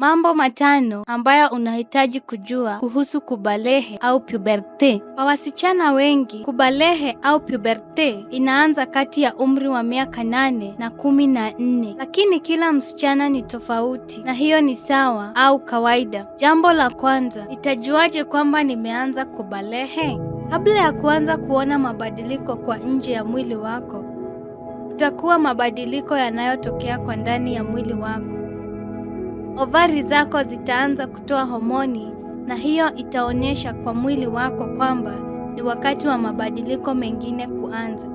Mambo matano ambayo unahitaji kujua kuhusu kubalehe au puberte. Kwa wasichana wengi, kubalehe au puberte inaanza kati ya umri wa miaka nane na kumi na nne, lakini kila msichana ni tofauti na hiyo ni sawa au kawaida. Jambo la kwanza, nitajuaje kwamba nimeanza kubalehe? Kabla ya kuanza kuona mabadiliko kwa nje ya mwili wako, utakuwa mabadiliko yanayotokea kwa ndani ya mwili wako. Ovari zako zitaanza kutoa homoni na hiyo itaonyesha kwa mwili wako kwamba ni wakati wa mabadiliko mengine kuanza.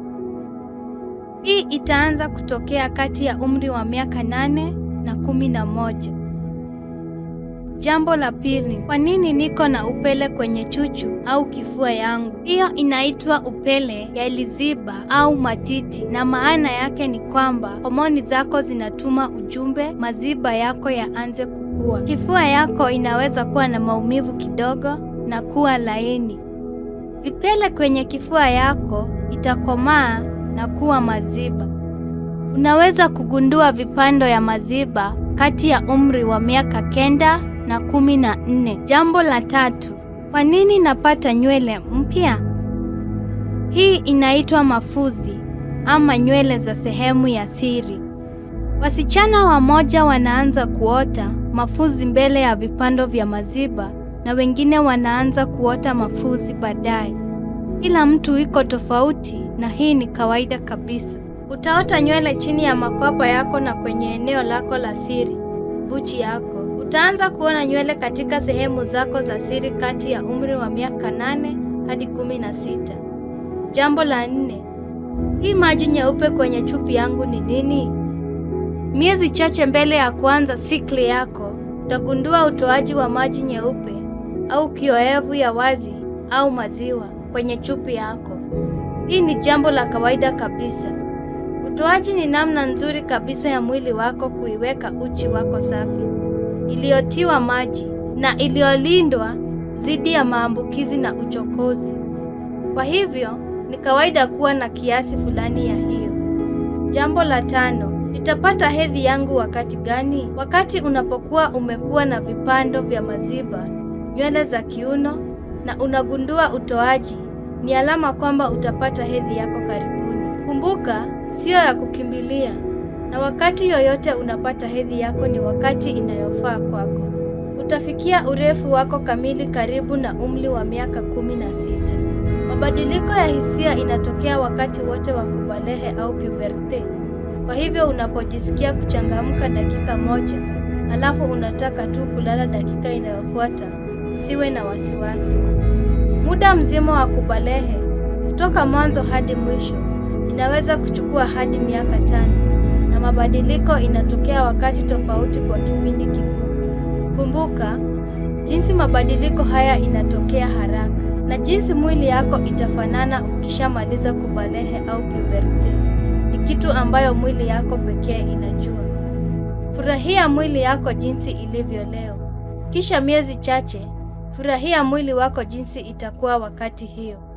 Hii itaanza kutokea kati ya umri wa miaka nane na kumi na moja. Jambo la pili, kwa nini niko na upele kwenye chuchu au kifua yangu? Hiyo inaitwa upele ya liziba au matiti, na maana yake ni kwamba homoni zako zinatuma ujumbe maziba yako yaanze kukua. Kifua yako inaweza kuwa na maumivu kidogo na kuwa laini. Vipele kwenye kifua yako itakomaa na kuwa maziba. Unaweza kugundua vipando ya maziba kati ya umri wa miaka kenda na kumi na nne. Jambo la tatu, kwa nini napata nywele mpya? Hii inaitwa mafuzi ama nywele za sehemu ya siri. Wasichana wamoja wanaanza kuota mafuzi mbele ya vipando vya maziba na wengine wanaanza kuota mafuzi baadaye. Kila mtu iko tofauti na hii ni kawaida kabisa. Utaota nywele chini ya makwapa yako na kwenye eneo lako la siri, buchi yako. Utaanza kuona nywele katika sehemu zako za siri kati ya umri wa miaka nane hadi kumi na sita. Jambo la nne, hii maji nyeupe kwenye chupi yangu ni nini? Miezi chache mbele ya kuanza sikli yako utagundua utoaji wa maji nyeupe au kioevu ya wazi au maziwa kwenye chupi yako. Hii ni jambo la kawaida kabisa. Utoaji ni namna nzuri kabisa ya mwili wako kuiweka uchi wako safi iliyotiwa maji na iliyolindwa dhidi ya maambukizi na uchokozi. Kwa hivyo ni kawaida kuwa na kiasi fulani ya hiyo. Jambo la tano, nitapata hedhi yangu wakati gani? Wakati unapokuwa umekuwa na vipando vya maziba, nywele za kiuno na unagundua utoaji, ni alama kwamba utapata hedhi yako karibuni. Kumbuka, siyo ya kukimbilia na wakati yoyote unapata hedhi yako ni wakati inayofaa kwako. Utafikia urefu wako kamili karibu na umri wa miaka kumi na sita. Mabadiliko ya hisia inatokea wakati wote wa kubalehe au puberte. Kwa hivyo unapojisikia kuchangamka dakika moja, alafu unataka tu kulala dakika inayofuata, usiwe na wasiwasi. Muda mzima wa kubalehe kutoka mwanzo hadi mwisho inaweza kuchukua hadi miaka tano mabadiliko inatokea wakati tofauti kwa kipindi kifupi. Kumbuka jinsi mabadiliko haya inatokea haraka na jinsi mwili yako itafanana ukishamaliza kubalehe au puberty. Ni kitu ambayo mwili yako pekee inajua. Furahia mwili yako jinsi ilivyo leo. Kisha miezi chache, furahia mwili wako jinsi itakuwa wakati hiyo.